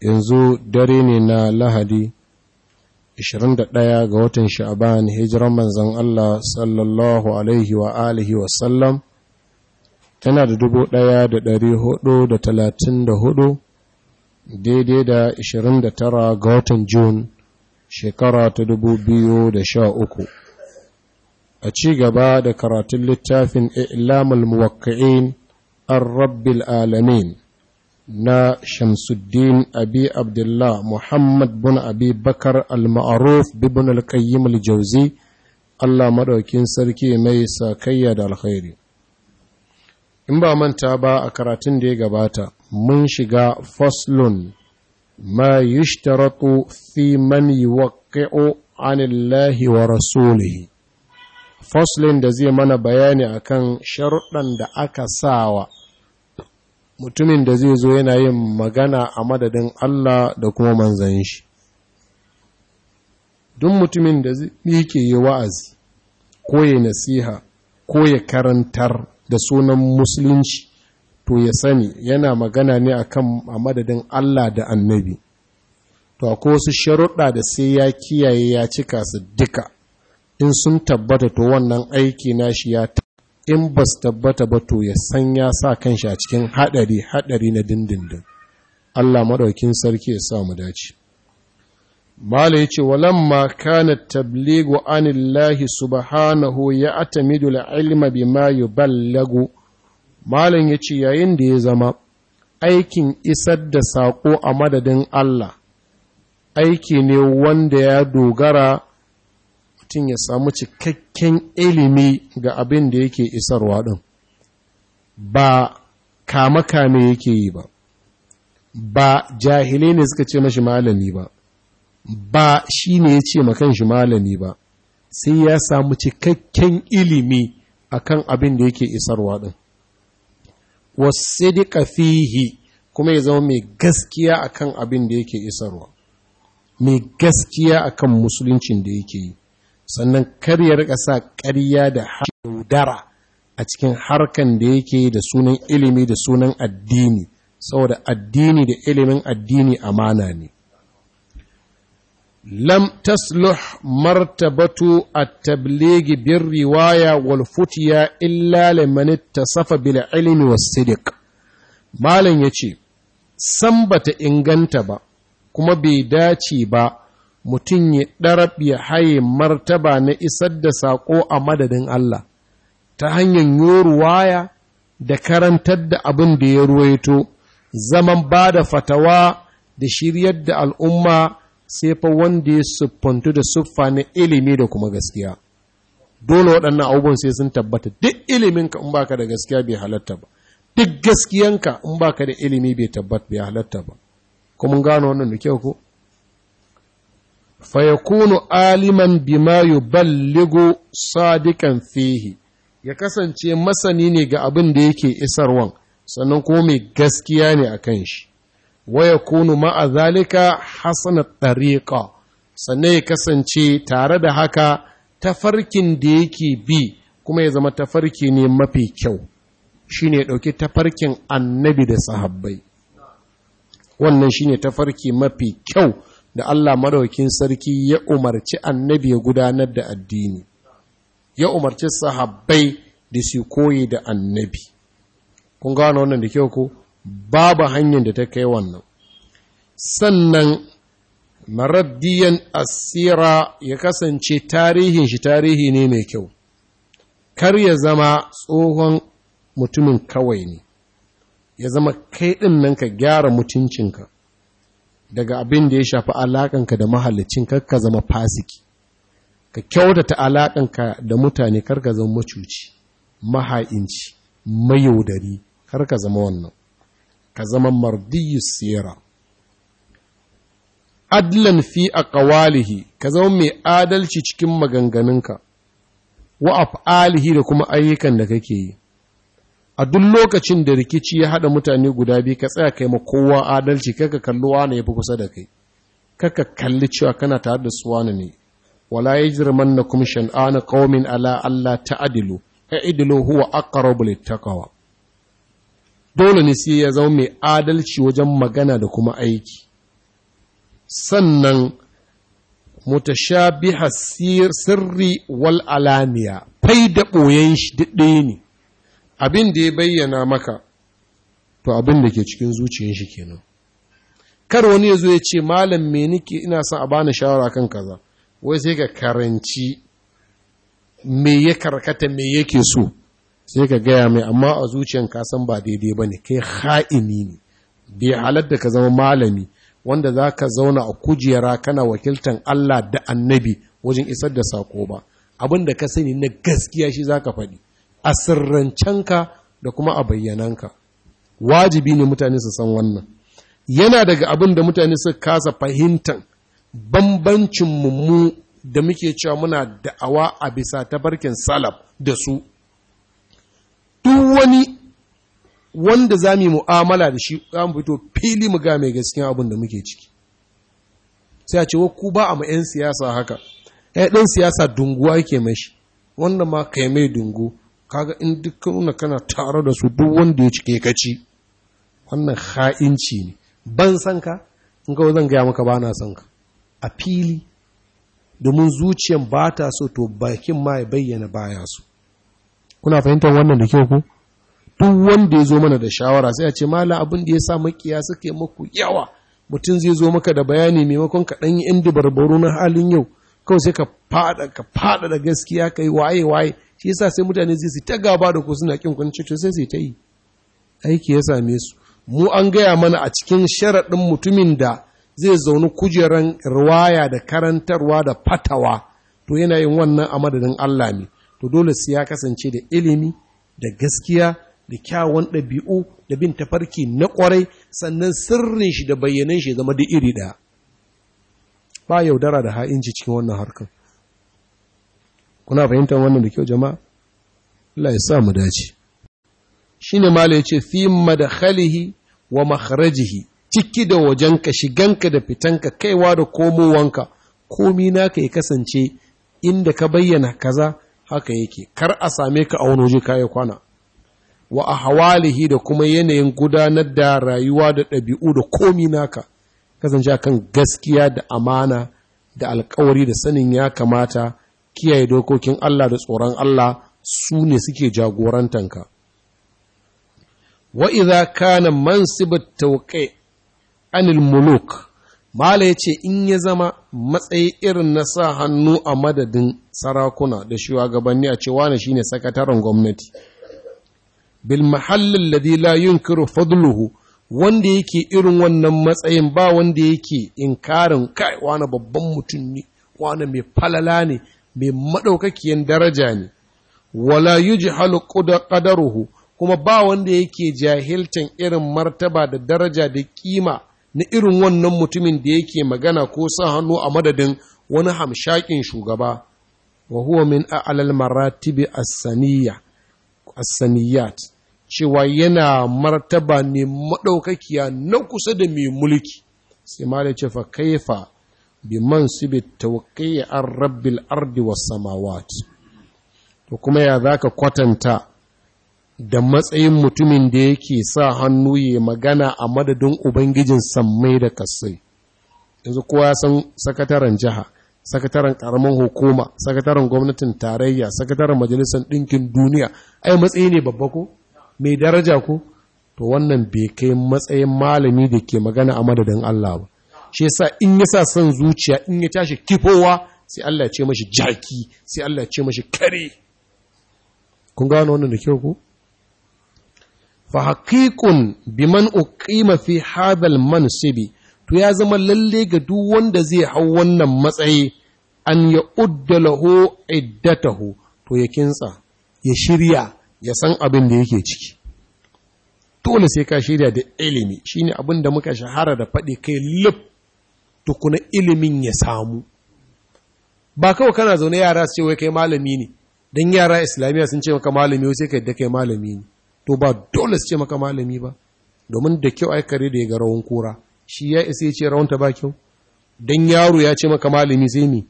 yanzu dare ne na lahadi 21 ga watan sha'aban hijiran manzan Allah sallallahu alaihi wa alihi wasallam tana da 1434 daidai da 29 ga watan Jun shekara ta 2013 a ci gaba da karatun littafin ilamul muwakka'in an rabbil alamin na Shamsuddin Abi Abdullah Muhammad bin Abi Bakar al-Ma'ruf bin al-Qayyim al-Jawzi Allah madaukin sarki mai sakayya da alkhairi in ba manta ba a karatun da ya gabata mun shiga faslun ma yushtaratu fi man yuwaqqi'u anillahi wa rasulihi faslin da zai mana bayani akan sharuɗan da aka sawa mutumin da zai zo yana yin magana a madadin Allah da kuma manzan shi don mutumin da yake yi wa'azi ko ya nasiha ko ya karantar da sunan musulunci to ya sani yana magana ne akan a madadin Allah da annabi to ko su sharuɗa da sai ya kiyaye ya cika su duka in sun tabbata to wannan aiki na shi ya in ba su tabbata ba to ya san ya sa kanshi a cikin haɗari haɗari na dindindin Allah maɗaukin sarki ya sa mu dace Mala ya ce, Walamma kana tabligu anillahi subhanahu ya atamidu la'ilma bi ma yi ballagu, Malam ya ce, yayin da ya zama, aikin isar da saƙo a madadin Allah, aiki ne wanda ya dogara mutum ya samu cikakken ilimi ga abin da yake isarwa ɗin ba kame-kame yake yi ba ba jahilai ne suka ce mashi malami ba ba shi ne ya ce makan shi malami ba sai ya samu cikakken ilimi a kan abin da yake isarwa ɗin wasu fihi kuma ya zama mai gaskiya a kan abin da yake isarwa mai gaskiya a kan musuluncin da yake yi sannan kar ya rika sa ƙarya da haudara a cikin harkan da yake da sunan ilimi da sunan addini saboda addini da ilimin addini amana ne lam tasluh martabatu at tablighi bir riwaya wal futiya illa liman tasafa bil ilmi was sidiq malan yace san bata inganta ba kuma bai dace ba mutum ya ɗarab ya haye martaba na isar da saƙo a madadin Allah ta hanyar yoru waya da karantar da abin da ya ruwaito zaman ba da fatawa da shiryar da al'umma sai fa wanda ya siffantu da siffa na ilimi da kuma gaskiya dole waɗannan abubuwan sai sun tabbata duk iliminka in baka da gaskiya bai halatta ba duk gaskiyanka in baka da ilimi bai tabbata bai halatta ba kuma gano wannan da kyau ko fayakunu aliman بما يبلغ صادقا فيه ya kasance masani ne ga abin da yake isarwan sannan ko mai gaskiya ne akan kan shi waya kunu ma'a zalika hasana tariqa sannan ya kasance tare da haka tafarkin da yake bi kuma ya zama tafarki ne mafi kyau shine ya ɗauki tafarkin annabi da sahabbai wannan shine tafarki mafi kyau da Allah madaukin sarki ya umarci annabi ya gudanar da addini ya umarci sahabbai da su koyi da annabi kun gano wannan da kyau ko babu hanyar da ta kai wannan sannan maraddiyan asira ya kasance tarihin shi tarihi ne mai kyau kar ya zama tsohon mutumin kawai ne ya zama kai ɗinnan ka gyara mutuncinka daga abin da ya shafi alaƙanka da mahallicin karka zama fasiki ka kyautata alaƙanka da mutane karka zama macuci maha'inci mayaudari karka zama wannan ka zama Mardiyus siyara adlan fi aqwalihi ka zama mai adalci cikin maganganunka wa af'alihi da kuma ayyukan da kake yi a duk lokacin da rikici ya haɗa mutane guda biyu ka tsaya kai ma kowa adalci kaka kalli wane ya fi kusa da kai kaka kalli cewa kana tare da su wane ne wala yajrimannakum shan'anu qaumin ala alla ta'dilu i'dilu huwa aqrabu littaqwa dole ne sai ya zama mai adalci wajen magana da kuma aiki sannan mutashabiha sirri wal alaniya fai da boyen shi duk ne abin da ya bayyana maka to abin da ke cikin zuciyar shi kenan kar wani ya ya ce malam me nake ina son a bani shawara kan kaza wai sai ka karanci me ya karkata me yake so sai ka gaya mai amma a zuciyan ka san ba daidai ba ne kai ha'ini ne bai da ka zama malami wanda za ka zauna a kujera kana wakiltan Allah da annabi wajen isar da sako ba abin da ka sani na gaskiya shi za ka faɗi a sirrancenka da kuma a bayyananka wajibi ne mutane su san wannan yana daga abin da mutane suka kasa fahimtan bambancin mu da muke cewa muna da'awa a bisa ta tabarkin salaf da su duk wani wanda za mu mu'amala da shi za mu fito fili mu ga mai gaskiya abin da muke ciki sai a ce ku ba a ma 'yan siyasa haka eh, ɗan siyasa dunguwa ke mashi wannan ma yi mai dungu kaga in duk kauna kana tare da su duk wanda ya cike ka ci wannan ha'inci ne ban san ka in ga zan gaya maka bana na san ka a fili domin zuciyan ba ta so to bakin ma ya bayyana baya su. kuna fahimtar wannan da kyau ko duk wanda ya zo mana da shawara sai a ce malam abin da ya sa makiya suke muku yawa mutum zai zo maka da bayani maimakon ka ɗan yi yan na halin yau kawai sai ka fada ka da gaskiya ka yi waye waye shi yasa sai mutane zai su ta gaba da ku suna kin kun cikin sai sai ta yi aiki ya same su mu an gaya mana a cikin sharaɗin mutumin da zai zaune kujeran riwaya da karantarwa da fatawa to yana yin wannan a madadin Allah ne to dole sai ya kasance da ilimi da gaskiya da kyawun ɗabi'u da bin tafarki na ƙwarai sannan sirrin shi da bayyanan shi zama da iri ɗaya ba yaudara da ha'inci cikin wannan harkar kuna fahimtar wannan da kyau jama'a Allah ya sa mu dace shine malai yace fi madkhalihi wa makharajihi ciki da wajenka shiganka da fitanka kaiwa da komowanka komi naka ya kasance inda ka bayyana kaza haka yake kar a same ka a wani kwana wa a hawalihi da kuma yanayin gudanar da rayuwa da ɗabi'u da komi naka kasance kan gaskiya da amana da alkawari da sanin ya kamata kiyaye dokokin Allah da tsoron Allah su ne suke jagorantanka wa idza kana tawqi anil muluk mala yace in ya zama matsayi irin na sa hannu a madadin sarakuna da shugabanni a cewa ne shine sakataren gwamnati bil mahallin ladhi la yunkiru fadluhu wanda yake irin wannan matsayin ba wanda yake inkarin kai wani babban mutum ne wani mai falala ne mai maɗaukakiyar daraja ne wala yujhalu ƙadaruhu, kuma ba wanda yake jahilcin irin martaba da daraja da ƙima na irin wannan mutumin da yake magana ko sa hannu a madadin wani hamshakin shugaba wa huwa min a'lal maratibi as-saniyat cewa yana martaba ne maɗaukakiya na kusa da mai mulki sai ma da ce fa kaifa bi mansibi tawqi'i an rabbil ardi was samawat to kuma ya zaka kwatanta da matsayin mutumin da yake sa hannu ya magana a madadin ubangijin sammai da kasai yanzu kowa san sakataren jiha sakataren karamin hukuma sakataren gwamnatin tarayya sakataren majalisar ɗinkin duniya ai matsayi ne babba ko mai daraja ko to wannan bai kai matsayin malami da ke magana a madadin Allah ba shi yasa in yasa sa son zuciya in ya tashi kifowa sai Allah ya ce mashi jaki sai Allah ya ce mashi kare kun gano wannan da kyau ko fa haqiqun biman uqima fi hadal mansibi to ya zama lalle ga duk wanda zai hau wannan matsayi an ya uddalahu iddatahu to ya kintsa ya shirya ya san abin da yake ciki dole sai ka shirya da ilimi shine abin da muka shahara da faɗi kai lup tukuna ilimin ya samu ba kawai kana zaune yara su ce wai kai malami ne don yara islamiyya sun ce maka malami sai ka yadda kai malami ne to ba dole su ce maka malami ba domin da kyau ai kare da ya ga rawan kura shi ya isa ya ce rawanta ba kyau don yaro ya ce maka malami sai ne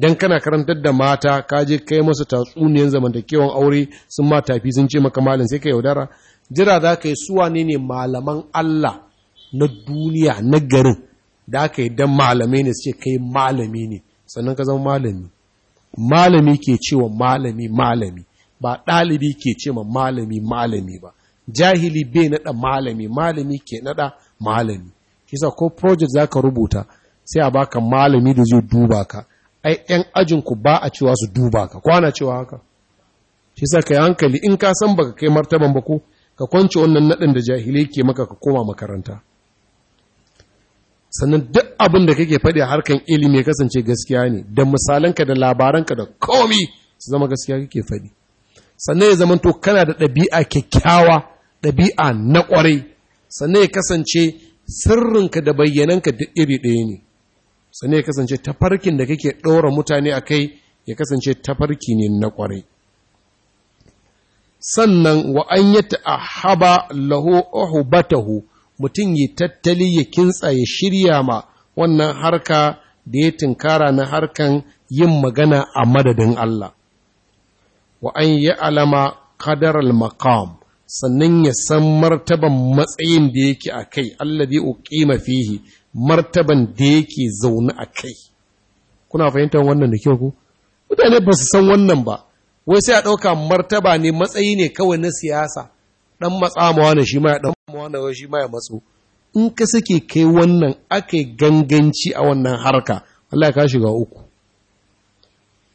don kana karantar da mata ka je kai masa tatsuniyan zamantakewan aure sun ma tafi sun ce maka malam sai ka yaudara jira za ka yi suwa ne ne malaman Allah na duniya na garin da aka yi don malamai ne su ce kai malami ne sannan ka zama malami malami ke cewa malami malami ba ɗalibi ke ce ma malami malami ba jahili bai naɗa malami malami ke naɗa malami kisa ko project za ka rubuta sai a baka malami da zai duba ka ai ajin ku ba a cewa su duba ka kwana cewa haka shi sa ka hankali in ka san baka kai martaban ba ko ka kwance wannan naɗin da jahilai ke maka ka koma makaranta sannan duk abin da kake faɗi a harkan ilimi ya kasance gaskiya ne da misalanka da labaranka da komi su zama gaskiya kake faɗi sannan ya zama to kana da ɗabi'a kyakkyawa ɗabi'a na ƙwarai sannan ya kasance sirrinka da bayyananka duk iri ɗaya ne sannan ya kasance tafarkin da kake ɗora mutane a kai ya kasance tafarki ne na ƙwarai sannan wa an yi ta'ahaba lahu uhubatahu mutum ya tattali ya kintsa ya shirya ma wannan harka da ya tunkara na harkan yin magana a madadin Allah wa an yi alama kadaral maqam sannan ya san martaban matsayin da yake a kai Allah allazi uqima fihi martaban da yake zaune a kai kuna fahimtar wannan da kyau ku mutane ba su san wannan ba wai sai a ɗauka martaba ne matsayi ne kawai na siyasa Ɗan matsa ma shi ma ya ɗan shi ma ya matso in ka sake kai wannan aka ganganci a wannan harka ya ka shiga uku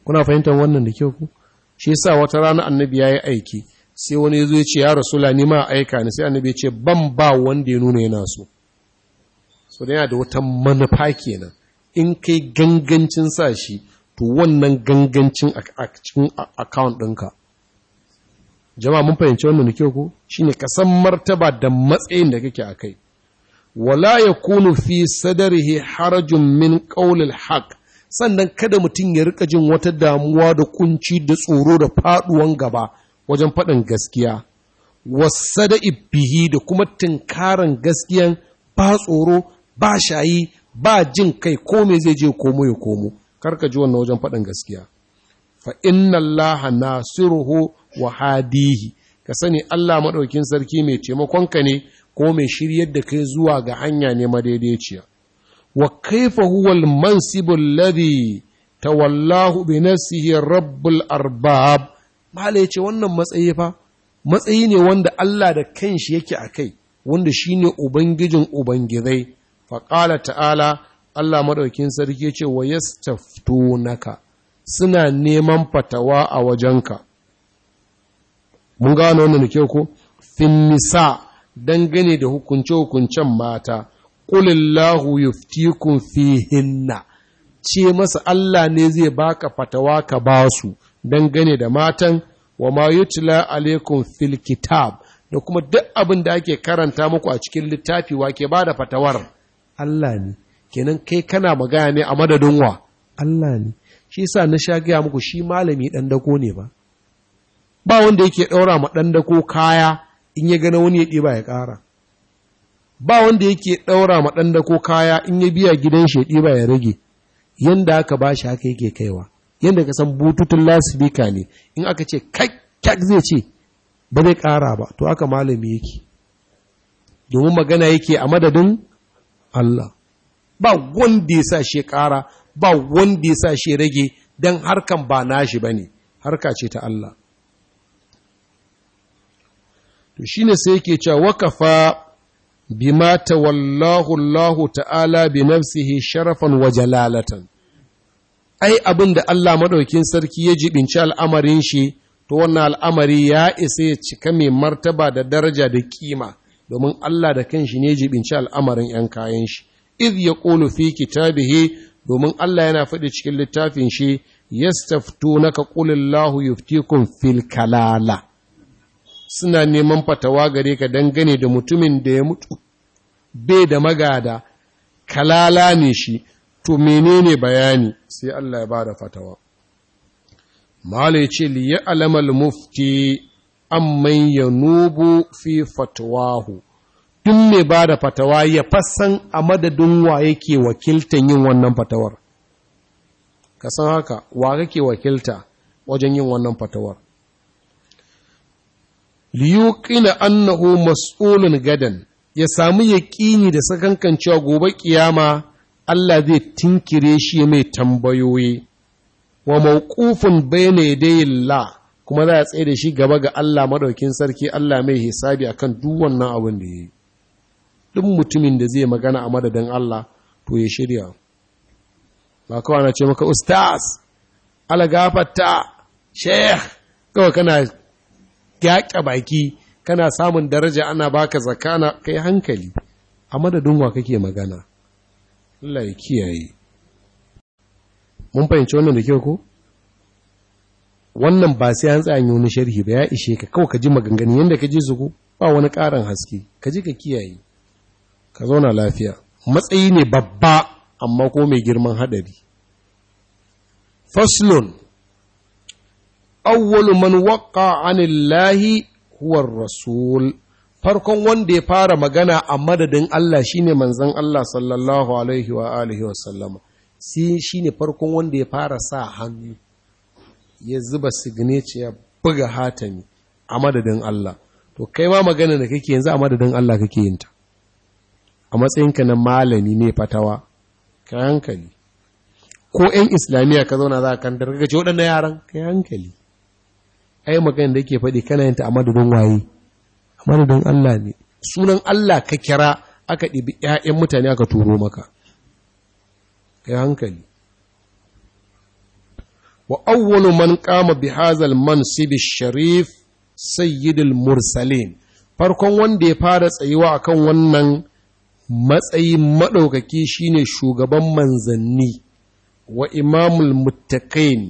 kuna fahimtar wannan da kyau ku shi yasa wata rana annabi ya yi aiki sai wani yazo ya ce ya rasula ni ma aika ni sai annabi ya ce ban ba wanda ya nuna yana so so da yana da wata manufa kenan in kai gangancin sa shi to wannan gangancin a cikin account ɗinka jama'a mun fahimci wannan kyau ko shine ka san martaba da matsayin da kake akai wala yakunu fi sadrihi harajun min qawlil haqq sannan kada mutum ya rika jin wata damuwa da kunci da tsoro da faduwan gaba wajen faɗin gaskiya wasada bihi da kuma tinkaran gaskiyan ba tsoro ba shayi ba jin kai ko me zai je komo ya komo karka ji wannan wajen faɗin gaskiya fa inna allaha nasiruhu wa hadihi ka sani Allah maɗaukin sarki mai taimakonka ne ko mai shiryar da kai zuwa ga hanya ne madaidaiciya wa kaifa al mansibul ladhi tawallahu bi nafsihi rabbul arbab mala yace wannan matsayi fa matsayi ne wanda Allah da kanshi yake a kai wanda shine ubangijin ubangizai fa qala ta'ala Allah maɗaukin sarki yace wa naka suna neman fatawa a wajenka mun gano wannan da kyau ko fin nisa dangane da hukunce-hukuncen mata ƙulillahu yuftikun fihinna ce masa Allah ne zai baka fatawa ka ba su dangane da matan wa ma yutla alaikum fil kitab da kuma duk abin da ake karanta muku a cikin littafi wa ke ba da fatawar Allah ne kenan kai kana magana ne a madadin wa Allah ne shi sa na sha gaya muku shi malami ɗan dako ne ba ba wanda yake ɗaura ma ɗan dako kaya in ya gana wani ya ɗiba ya ƙara ba wanda yake ɗaura ma ɗan dako kaya in ya biya gidan shi ya ɗiba ya rage yanda aka ba shi haka yake kaiwa yanda ka san bututun lasibika ne in aka ce kyak zai ce ba zai ƙara ba to aka malami yake domin magana yake a madadin Allah ba wanda ya sa shi ƙara ba wanda ya sa shi rage don harkan ba nashi ba ne harka ce ta Allah to ne sai yake cewa wakafa bima "Wallahu Allah ta'ala bi nafsihi sharafan wa jalalatan ai abin da Allah madaukin sarki ya jibinci al'amarin shi to wannan al'amari ya isa ya cika mai martaba da daraja da kima domin Allah da kanshi ne jibinci al'amarin ‘yan kayan shi, iz ya ƙolo fi kitabihi domin Allah yana faɗi cikin littafin shi, yastaftu naka ƙulillahu yuftikun fil kalala. suna neman fatawa gare ka dangane da mutumin da ya mutu bai da magada kalala ne shi to menene bayani sai Allah ya ba da fatawa mala ya ce liya alamal mufti amman ya nubu fi fatawahu tun mai bada fatawa ya fassan a madadin wa yake wakiltan yin wannan fatawar ka san haka wa kake wakilta wajen yin wannan fatawar liyuqina annahu mas'ulun gadan ya samu yaƙini da sakankancewa gobe ƙiyama Allah zai tinkire shi mai tambayoyi wa mawqufun bayna yaday la kuma za a tsaye da shi gaba ga Allah maɗaukin sarki Allah mai hisabi akan duk wannan abin da yi duk mutumin da zai magana a madadin Allah to ya shirya ba kawai na ce maka ustaz ala gafarta sheikh kawai kana gyaƙa baki kana samun daraja ana baka zakana kai hankali a madadin wa kake magana Allah ya kiyaye mun fahimci wannan da kyau ko wannan ba sai an tsaya wani sharhi ba ya ishe ka kawai ka ji maganganu yadda ka ji su ko ba wani ƙarin haske ka ji ka kiyaye ka zauna lafiya matsayi ne babba amma ko mai girman haɗari faslun awwalu man waqa anillahi huwa rasul farkon wanda ya fara magana a madadin Allah shine manzon Allah sallallahu alaihi wa alihi wa sallama sai shine farkon wanda ya fara sa hannu ya zuba signature ya buga hatami a madadin Allah to kai ma magana da kake yanzu a madadin Allah kake yin ta a matsayinka na malami ne fatawa ka hankali ko 'yan islamiyya ka zauna za a kan dargace waɗanda yaran ka hankali ai magana da yake faɗi kana yin ta a madadin waye a madadin Allah ne sunan Allah ka kira aka ɗibi ‘ya'yan mutane aka turo maka kai hankali wa awwalu man qama bi hazal mansib sharif sayyidul mursalin farkon wanda ya fara tsayuwa akan wannan matsayin maɗaukaki shine shugaban manzanni wa imamul muttaqin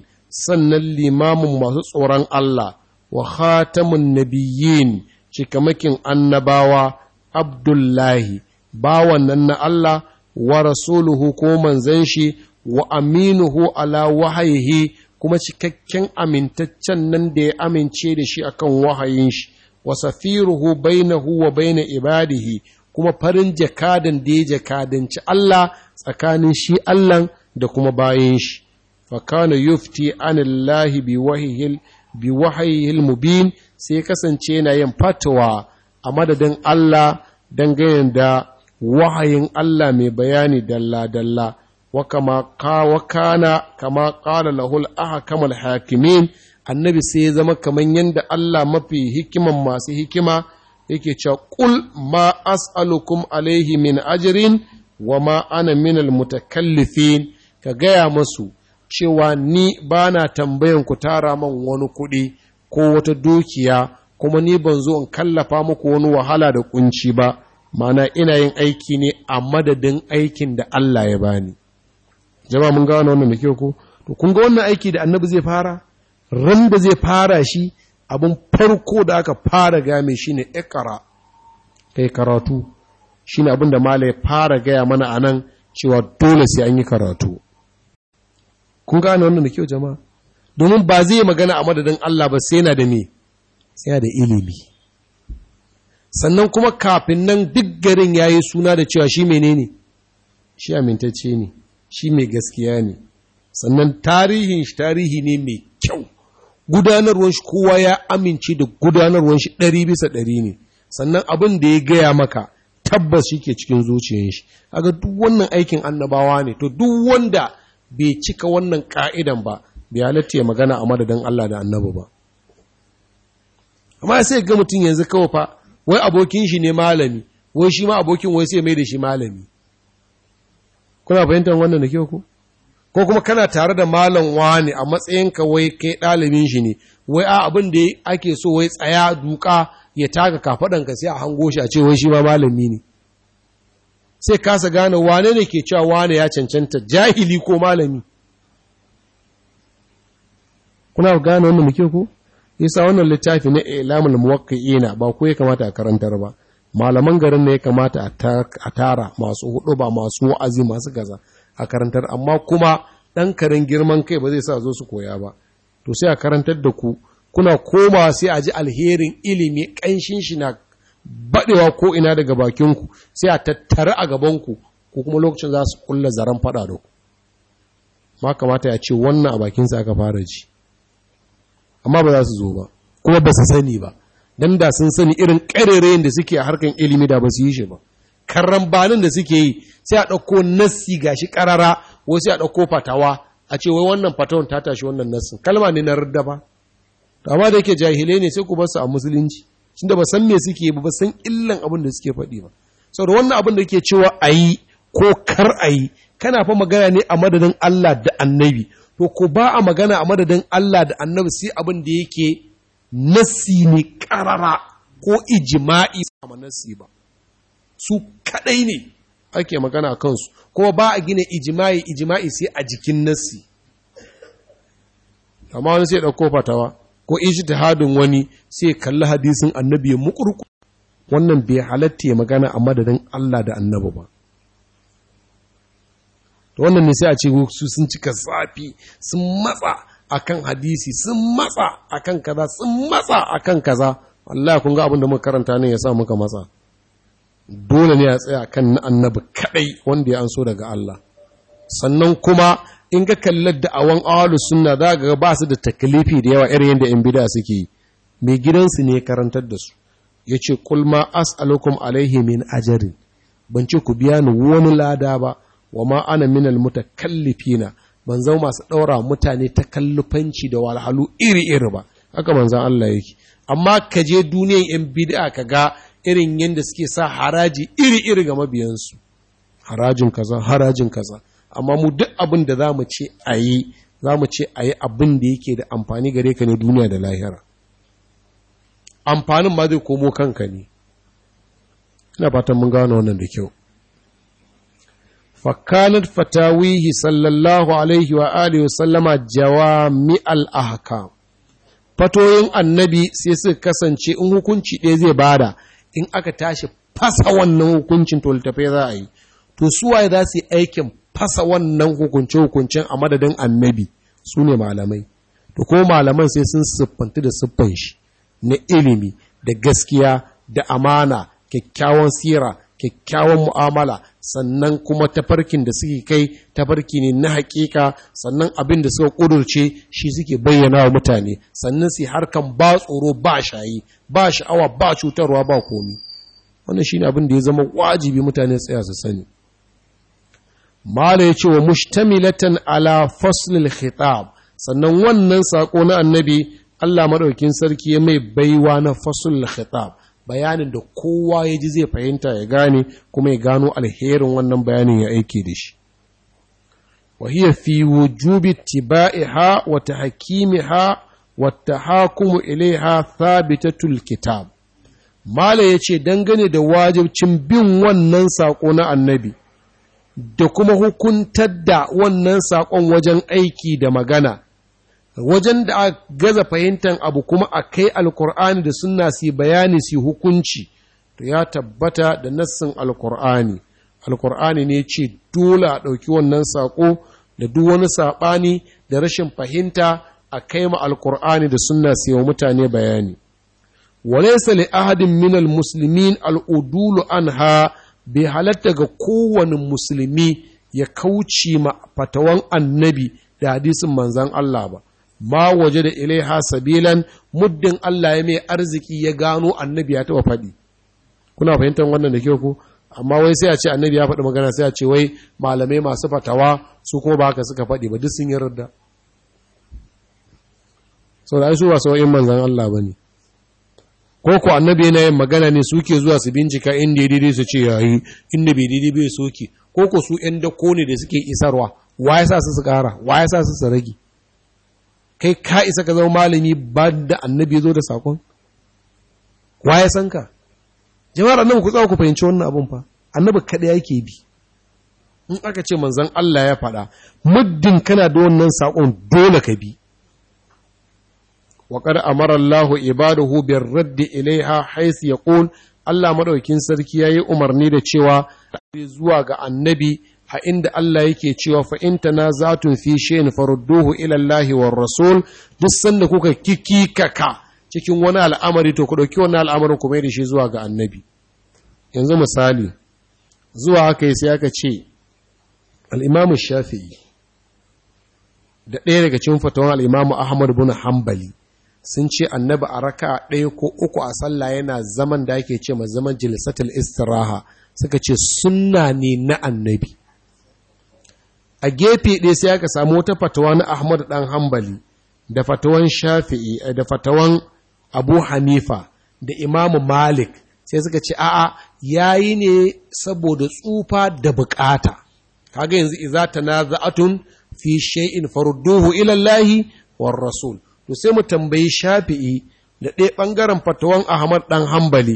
sannan limamin masu tsoron Allah wa khatamun nabiyyin cikamakin annabawa Abdullahi bawan nan na Allah wa rasuluhu ko manzon shi wa aminuhu ala wahayihi kuma cikakken amintaccen nan da ya amince da shi akan wahayin shi wa safiruhu bainahu wa baina ibadihi kuma farin jakadan da ya jakadanci Allah tsakanin shi Allah da kuma bayan shi fa kana yufti anillahi bi wahihil bi mubin sai kasance yana yin fatawa a madadin Allah dangane da wahayin Allah mai bayani dalla dalla wa kama ka wa kana kama qala lahul ahkamul hakimin annabi sai ya zama kaman yanda Allah mafi hikiman masu hikima yake cewa qul ma as'alukum alaihi min ajrin wa ma ana min al mutakallifin ka gaya masu cewa ni ba na tambayan ku tara man wani kuɗi ko wata dukiya kuma ni ban zo in kallafa muku wani wahala da kunci ba mana ina yin aiki ne a madadin aikin da Allah ya bani jama'a mun gano wannan da kyau ko to kun ga wannan aiki da annabi zai fara ran da zai fara shi abin farko da aka fara game shi ne ikara kai karatu shine abin da malai fara gaya mana anan cewa dole sai an yi karatu kun gane wannan da kyau jama'a domin ba zai magana a madadin Allah ba sai yana da me sai yana da ilimi sannan kuma kafin nan duk garin yayi suna da cewa shi menene shi amintacce ne shi mai gaskiya ne sannan tarihin shi tarihi ne mai kyau gudanarwar shi kowa ya amince da gudanarwar shi ɗari bisa ɗari ne sannan abin da ya gaya maka tabbas shi ke cikin zuciyar shi aga duk wannan aikin annabawa ne to duk wanda bai cika wannan ka'idan ba bai halatta ya magana a madadin Allah da annabu ba amma sai ga mutum yanzu kawai fa wai abokin shi ne malami wai shi ma abokin wai sai mai da shi malami kuna fahimtar wannan da kyau ku? ko kuma kana tare da malam wani a matsayinka wai kai ɗalibin shi ne wai a abin da ake so wai tsaya duka ya taka kafaɗanka sai a hango shi a ce wai shi ma malami ne sai kasa gane wane ne ke cewa wane ya cancanta jahili ko malami kuna gane wannan muke ko yasa wannan littafi na ilamul muwaqqi'ina ba ko ya kamata a karantar ba malaman garin ne ya kamata a tara masu hudu ba masu wa'azi masu gaza a karantar amma kuma dan karin girman kai ba zai sa zo su koya ba to sai a karantar da ku kuna koma sai a ji alherin ilimi kanshin shi na baɗewa ko ina daga bakinku sai a tattara a gabanku ko kuma lokacin za su kulla zaren faɗa da ku ma kamata ya ce wannan a bakinsa aka fara ji amma ba za su zo ba kuma ba su sani ba don da sun sani irin ƙarerayen da suke a harkar ilimi da ba su yi shi ba banin da suke yi sai a ɗauko nassi gashi ƙarara sai a ɗauko fatawa a ce wai wannan fatawan ta tashi wannan nassin kalma ne na rudda ba amma da yake jahilai ne sai ku bar a musulunci shi da ba san me suke ba san illan abin da suke faɗi ba saboda wannan abin da yake cewa a yi ko kar a yi kana fa magana ne a madadin Allah da annabi to ko ba a magana a madadin Allah da annabi sai abin da yake nasi ne karara ko ijima'i ba nasi ba su kadai ne ake magana a kansu ko ba a gina ijima'i ijma'i sai a jikin nasi amma wani sai ɗauko fatawa ko hadin wani sai kalli hadisin annabi ya mukurku wannan bai halatta ya magana a madadin Allah da annabi ba to wannan ne sai a ce su sun cika zafi sun matsa akan hadisi sun matsa akan kaza sun matsa akan kaza wallahi kun ga abin da muka karanta ne sa muka matsa dole ne a tsaya kan na annabi kadai wanda ya anso daga Allah sannan kuma in ga kallar da awon awalu suna za ga ba su da taklifi da yawa irin yadda yan bida suke yi mai gidansu ne karantar da su ya ce kulma as'alukum alaihi min ajarin ban ce ku biya ni wani lada ba wa ma ana minal na ban zama masu ɗaura mutane ta kallifanci da walhalu iri-iri ba haka manzan Allah yake amma ka je duniyan yan bid'a ka ga irin yadda suke sa haraji iri-iri ga mabiyansu harajin kaza harajin kaza amma mu duk abin da za mu ce a yi za mu ce a yi abin da yake da amfani gare ka ne duniya da lahira amfanin ma zai komo kanka ne ina fatan mun gano wannan da kyau Fakkanat fatawihi sallallahu alaihi wa alihi wa sallama jawami'al ahkam fatoyin annabi sai suka kasance in hukunci ɗaya zai bada in aka tashi fasa wannan hukuncin tolitafai za a yi to suwaye za su yi aikin fasa wannan hukunce-hukuncen a madadin annabi su ne malamai da ko malaman sai sun siffanta da siffan shi na ilimi da gaskiya da amana kyakkyawan sira kyakkyawan mu'amala sannan kuma tafarkin da suke kai tafarki ne na hakika sannan abin da suka kudurce shi suke bayyana wa mutane sannan su harkan ba tsoro ba shayi ba sha'awa ba cutarwa ba komi wannan shine abin da ya zama wajibi mutane tsaya su sani mala ya ce wa mushtamilatan ala faslil khitab sannan wannan sako na annabi Allah maɗaukin sarki ya mai baiwa na faslil khitab bayanin da kowa ya ji zai fahimta ya gane kuma ya gano alherin wannan bayanin ya aike da shi وهي في وجوب اتباعها وتحكيمها والتحاكم ilaiha thabitatul kitab ما لا dangane dangane da wajibcin bin wannan sako na annabi da kuma hukuntar da wannan saƙon wajen aiki da magana wajen da a gaza fahimtar abu kuma a kai alkur'ani da suna su bayani su hukunci to ya tabbata da nassin alkur'ani alkur'ani ne ce dole a ɗauki wannan saƙo da duk wani saɓani da rashin fahimta a kai ma alkur'ani da sunna su mutane bayani walaisa li ahadin minal almuslimin al'udulu anha bai halatta ga kowane musulmi ya kauce ma fatawan annabi da hadisin manzan Allah ba ma waje da ilaiha sabilan muddin Allah ya mai arziki ya gano annabi ya taba faɗi kuna fahimtar wannan da kyau ku? amma wai sai a ce annabi ya faɗi magana sai a ce wai malamai masu fatawa su kuma ba haka suka faɗi ba duk sun yi radda sau da su ba sau'in manzan Allah ba ne ko ku annabi yana yin magana ne suke zuwa su bincika inda ya daidai su ce yi, inda bai daidai bai soke ko ku su ƴan dako ne da suke isarwa wa ya sa su su ƙara wa ya sa su su rage kai ka isa ka zama malami ba da annabi ya zo da sakon wa ya san ka jama'ar annabi ku tsawo ku fahimci wannan abun fa annabi kada yake bi in aka ce manzan Allah ya faɗa muddin kana da wannan sakon dole ka bi وقد أمر الله Allahu بالرد إليها حيث ilaiha الله yaqul Allah maɗaukin sarki نيدة umarni da cewa zuwa ga annabi a inda Allah yake cewa فردوه إلى الله fi shay'in farudduhu ila Allah duk sanda kuka kikikaka cikin wani al'amari to ku ɗauki wani al'amarin ku mai da shi zuwa ga annabi yanzu misali zuwa haka yi sai aka ce al shafi da ɗaya daga cikin fatawan al Ahmad bin Hanbali sun ce annabi a raka ɗaya ko uku a sallah yana zaman da ake ce ma zaman jilisatul istiraha suka ce sunna ne na annabi a gefe ɗaya sai aka samu wata fatawa na ahmad ɗan hambali da fatawan shafi'i eh, da fatawan abu hanifa da imamu malik sai suka ce a'a yayi ne saboda tsufa da bukata kaga yanzu izata na za'atun fi shay'in farudduhu ila Allah war rasul to sai mu tambayi shafi'i da ɗaya ɓangaren fatawan ahmad ɗan hambali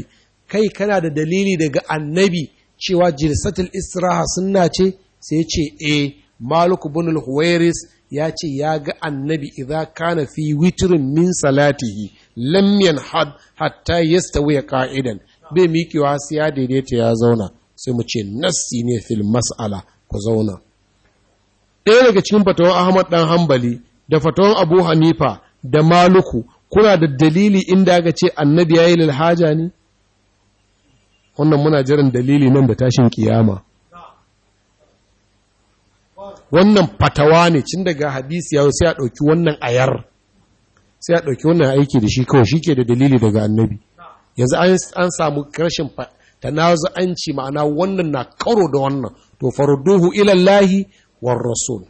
kai kana da dalili daga annabi cewa jilsatul israha sunna ce sai ce e eh, Maluku bin huwairis ya ce ya ga annabi idza kana fi witrin min salatihi lam yanhad hatta yastawi qa'idan bai miƙewa sai ya daidaita ya zauna sai mu ce nassi ne fil mas'ala ku zauna ɗaya daga cikin fatawan ahmad ɗan hambali da fatawan abu hanifa da maluku kuna da dalili inda aka ce annabi ya yi lalhaja ne wannan muna jiran dalili nan da tashin kiyama wannan fatawa ne cin daga hadisi yawon sai a ɗauki wannan ayar sai a ɗauki wannan aiki da shi kawai shi ke da dalili daga annabi yanzu an samu karshen rashin ci ma'ana wannan na karo da wannan to farduhu ilallahi war rasul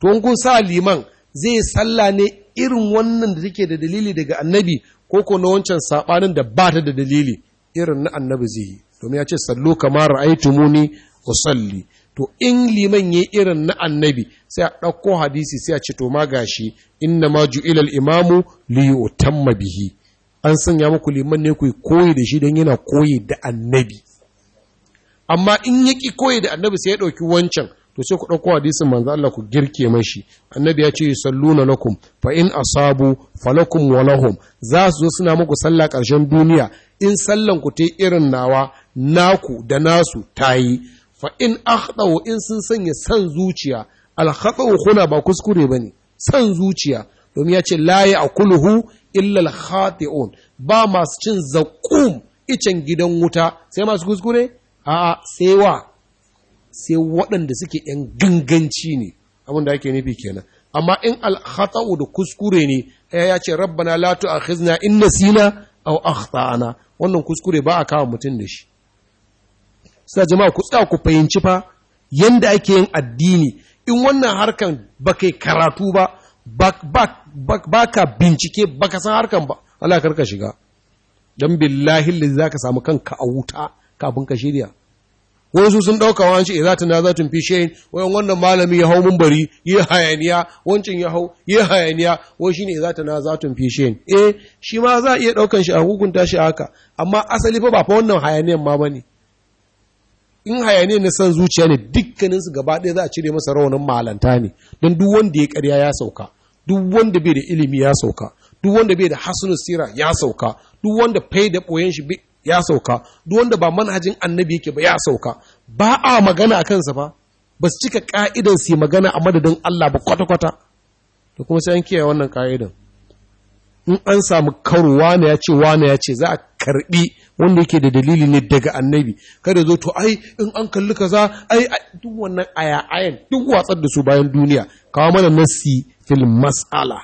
to kun sa liman zai salla ne irin wannan da take da dalili daga annabi ko ko na wancan sabanin da ba ta da dalili irin na annabi zai yi domin ya ce sallu kamar ra'aytumuni usalli to in liman ya irin na annabi sai a ɗauko hadisi sai a ce to ma gashi inna ma ju'ila al-imamu li yutamma bihi an sanya muku liman ne ku koyi da shi don yana koyi da annabi amma in yaki ki koyi da annabi sai ya ɗauki wancan to sai ku ɗauko hadisin manzo Allah ku girke mashi annabi ya ce salluna lakum fa in asabu falakum wa lahum za su zo suna muku sallah ƙarshen duniya in sallan ku tai irin nawa naku da nasu tayi fa in akhdau in sun sanya san zuciya al khatau huna ba kuskure bane san zuciya domin ya ce la a akuluhu illa al ba masu cin zakum icen gidan wuta sai masu kuskure a'a sai wa sai waɗanda suke ‘yan ganganci ne abinda ake nufi kenan amma in alhata'u da kuskure ne ɗaya ya ce rabbana a tu'akhizna in nasina a akhtana wannan kuskure ba a kawo mutum da shi sa jama'a ku tsaya ku fahimci fa yanda ake yin addini in wannan harkan ba kai karatu ba ba ka bincike ba ka san harkan ba alakar ka shiga Don billahi za ka samu kanka a wuta kafin ka shirya Wasu su sun ɗauka wa shi eh, za ta na za ta fi shayin wayan wannan malami ya hau mumbari ya hayaniya wancan ya hau ya hayaniya wai ne eh, za ta na za ta fi shayin eh shi ma za a iya ɗaukan shi a hukunta shi haka amma asali fa ba fa wannan hayaniyan ma bane in hayaniyan na san zuciya ne dukkanin gaba ɗaya za a cire masa rawanin malanta ne don duk wanda ya ƙarya ya sauka duk wanda bai da ilimi ya sauka duk wanda bai da hasunan sira ya sauka duk wanda fai da ɓoyen shi ya sauka duk wanda ba manhajin annabi yake ba ya sauka ba a magana a kansa ba ba su cika ka'idan su magana a madadin Allah ba kwata-kwata to kuma sai an kiyaye wannan ka'idan in an samu karo wane ya ce wane ya ce za a karbi wanda yake da dalili ne daga annabi kada zo to ai in an kalli kaza ai duk wannan aya duk watsar da su bayan duniya kawo mana nasi fil matsala.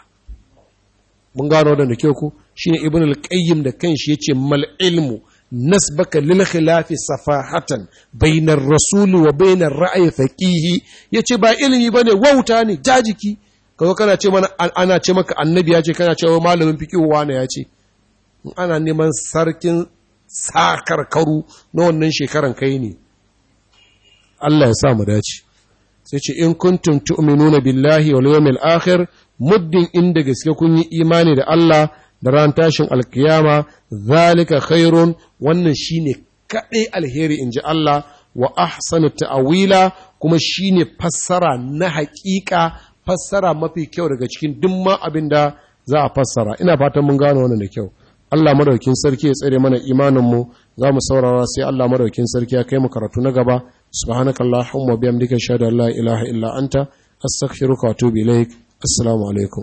mun gano da ke ku shine ibn al-qayyim da kanshi yace mal ilmu nasbaka lil khilafi safahatan bainar rasuli wa bainar ra'ayi faqihi yace ba ilimi bane wauta ne jajiki kazo kana ce mana ana ce maka annabi ya ce kana ce wa malamin fiqh wani ya ce ana neman sarkin sakar karu na wannan shekaran kai ne Allah ya sa mu dace sai ce in kuntum tu'minuna billahi wal yawmil akhir muddin inda gaske kun yi imani da Allah da ran tashin alkiyama zalika khairun wannan shine kaɗai alheri in ji Allah wa ahsanu ta'awila kuma shine fassara na haƙiƙa fassara mafi kyau daga cikin duk ma abin da za a fassara ina fatan mun gano wannan da kyau Allah madaukin sarki ya tsare mana imanin mu za mu saurara sai Allah madaukin sarki ya kai mu karatu na gaba subhanakallahumma bihamdika shada la ilaha illa anta astaghfiruka wa atubu ilaik assalamu alaikum